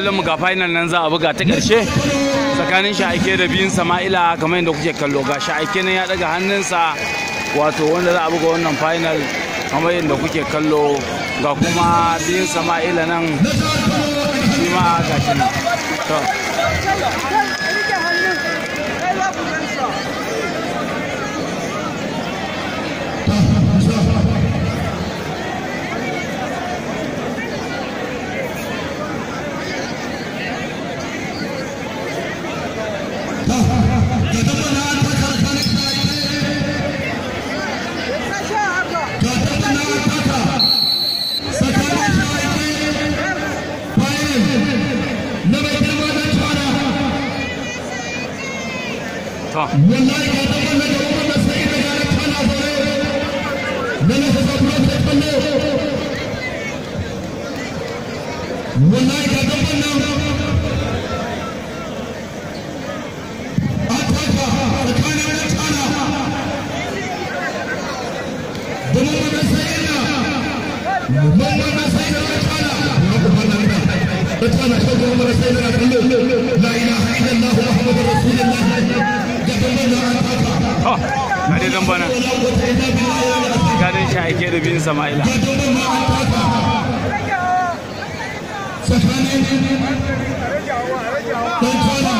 kallon mu ga final nan za a buga ta ƙarshe tsakanin sha'aike da biyun sama'ila kamar yadda kuke kallo ga sha'aike nan ya daga hannunsa wato wanda za a buga wannan final kamar yadda kuke kallo ga kuma biyun sama'ila nan shi ma ga shi nan. Bunlar kadın bunlar. Ataka, atana, atana. Bunun mesajına, bunun mesajına atana. Atana, bunun mesajına atana. La ilahe illallah Muhammed Resulullah. Kadın bunlar ataka. Ha, ne dedim bana? Kadın şahikeri bin Samaila. Kadın bunlar ataka. 在车里，还在点。话，还在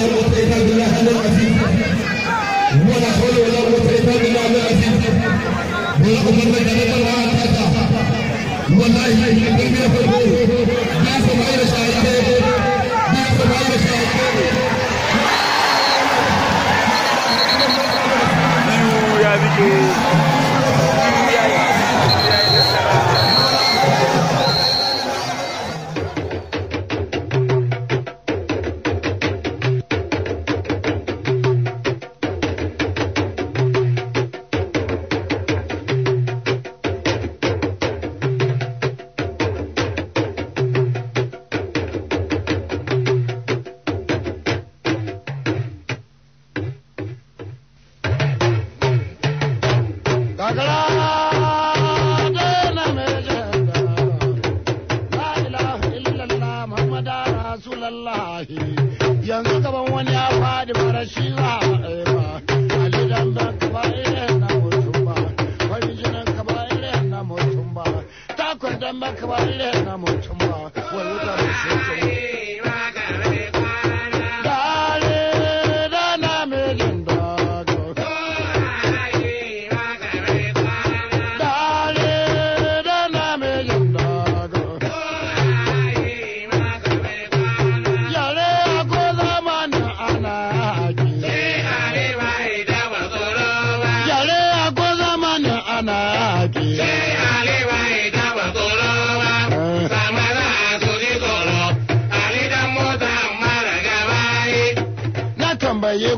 जॾहिं तगड़ा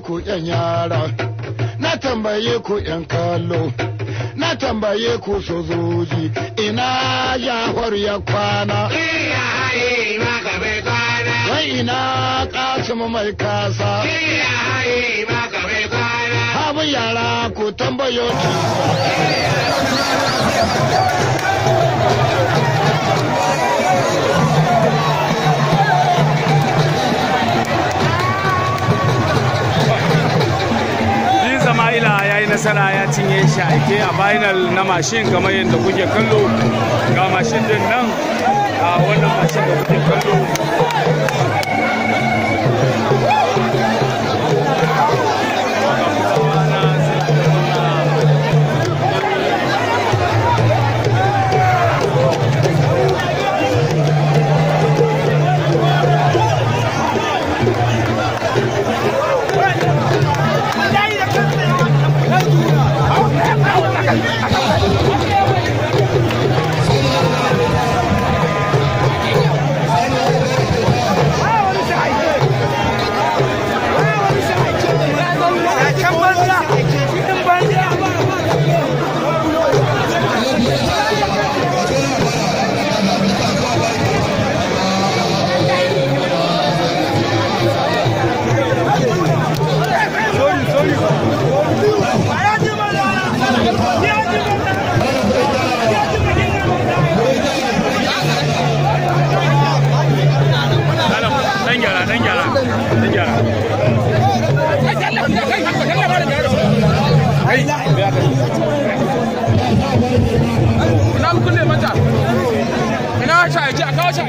ku yan yara na tambaye ku yan kallo na tambaye ku sojoji ina jafar ya kwana wai ina kasim mai kasa habu yara ku tambayo ki nasara ya cinye shi ke a final na mashin kamar yadda kuke kallo ga mashin din nan a wannan mashin da kuke kallo 高价钱！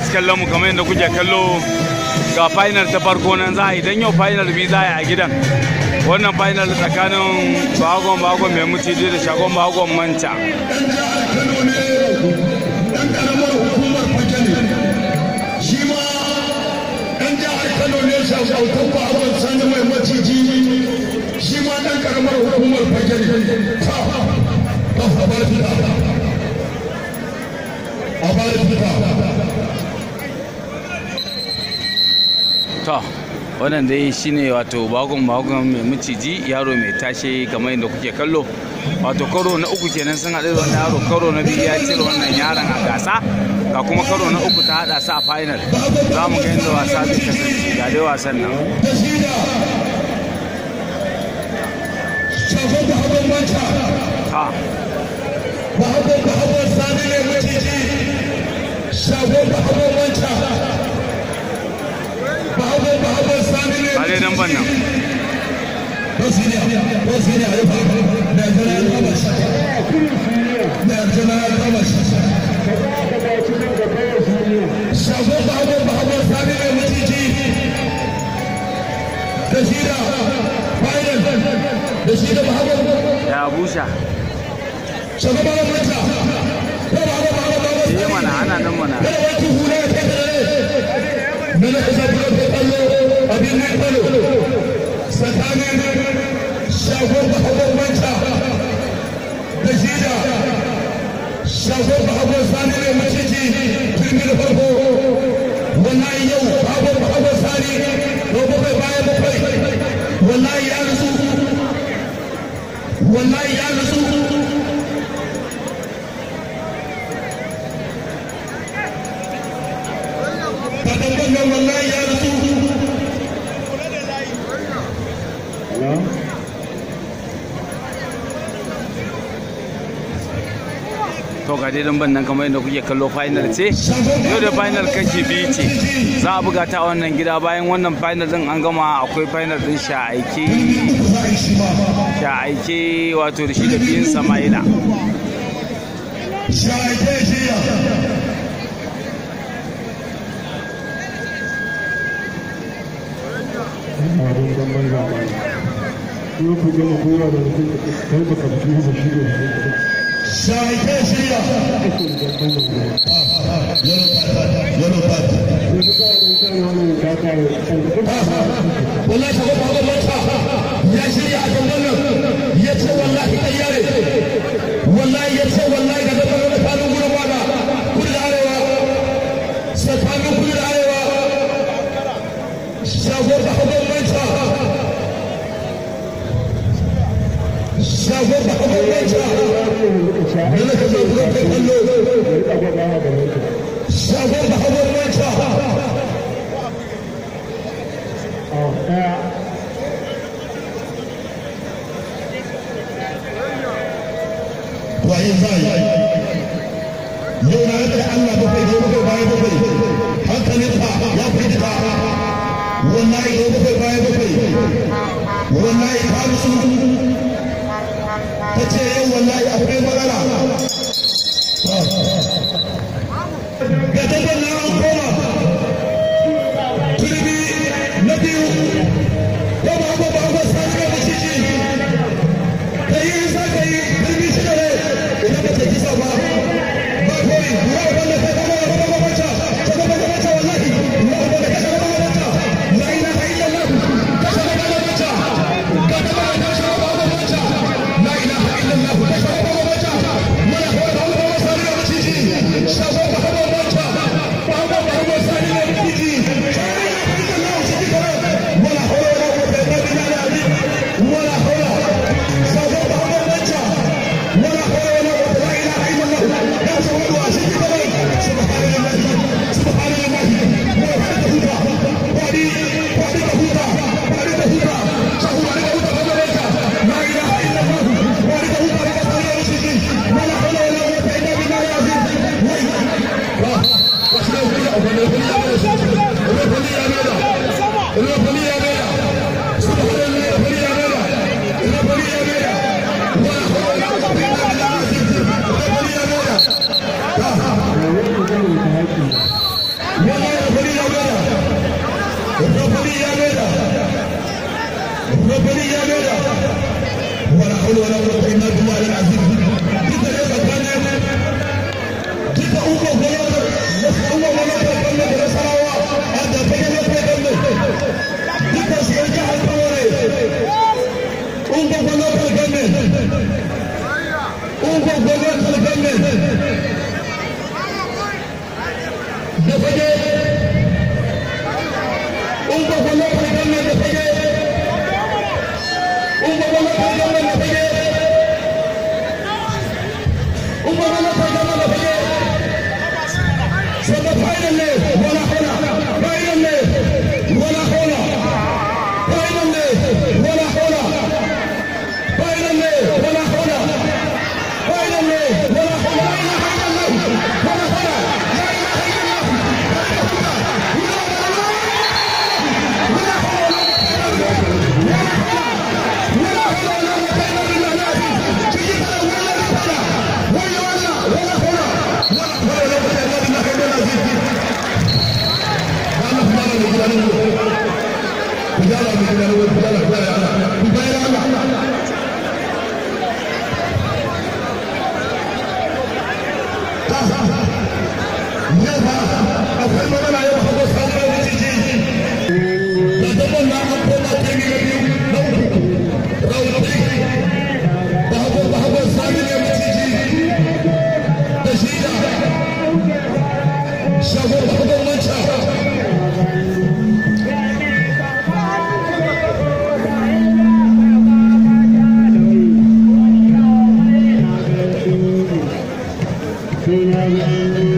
masu kallon mu kamar yadda kuke kallo ga final ta farko nan za a yi don yau final bi za a yi a gidan wannan final tsakanin bagon bagon mai mutu da shagon bagon manta wannan dai shine wato bagon bagon mai miciji yaro mai tashe kamar yadda kuke kallo wato karo na uku kenan sun haɗu da wannan yaro karo na biyu ya cire wannan yaron a gasa ga kuma karo na uku ta haɗa sa a final za mu ga yadda wasa zai kasance ga dai wasan nan Shago da abin wanta. kare dan ban nan da da busha eh, birnin kano tsakanin da wallahi ya rasu wallahi ya rasu ba dai don ban nan kamar yadda kuke kallo final ce yau da final kashi biyu ce za a buga ta a wannan gida bayan wannan final din an gama akwai final din sha'aike sha'aike wato da shi da biyun sama'ila Thank you. Saite Syria. Yorubat, Yorubat. Wallahi ko ba ko mata. Ya shirya a kan wannan. Yace wallahi tayyare. Nuna ka zo buga na baya ka ربنا يا بيدا ولا حول ولا قوة إلا بالله العظيم جدا يا ربنا جدا أمه ولا يسأل الله ولا تقبل ولا سراوة هذا بين الله جدا سيرجع الفوري أمه ولا تقبل أمه ولا تقبل يلا يلا يلا يلا يلا Thank you.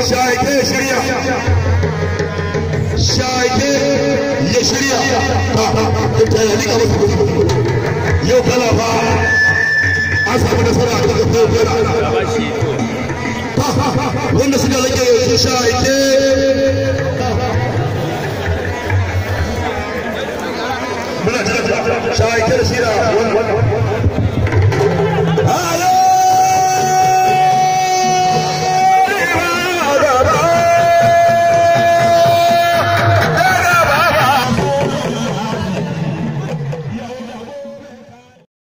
shaike ya shirya shaike ya kala ba an nasara a kan kafin wanda suka rage yanzu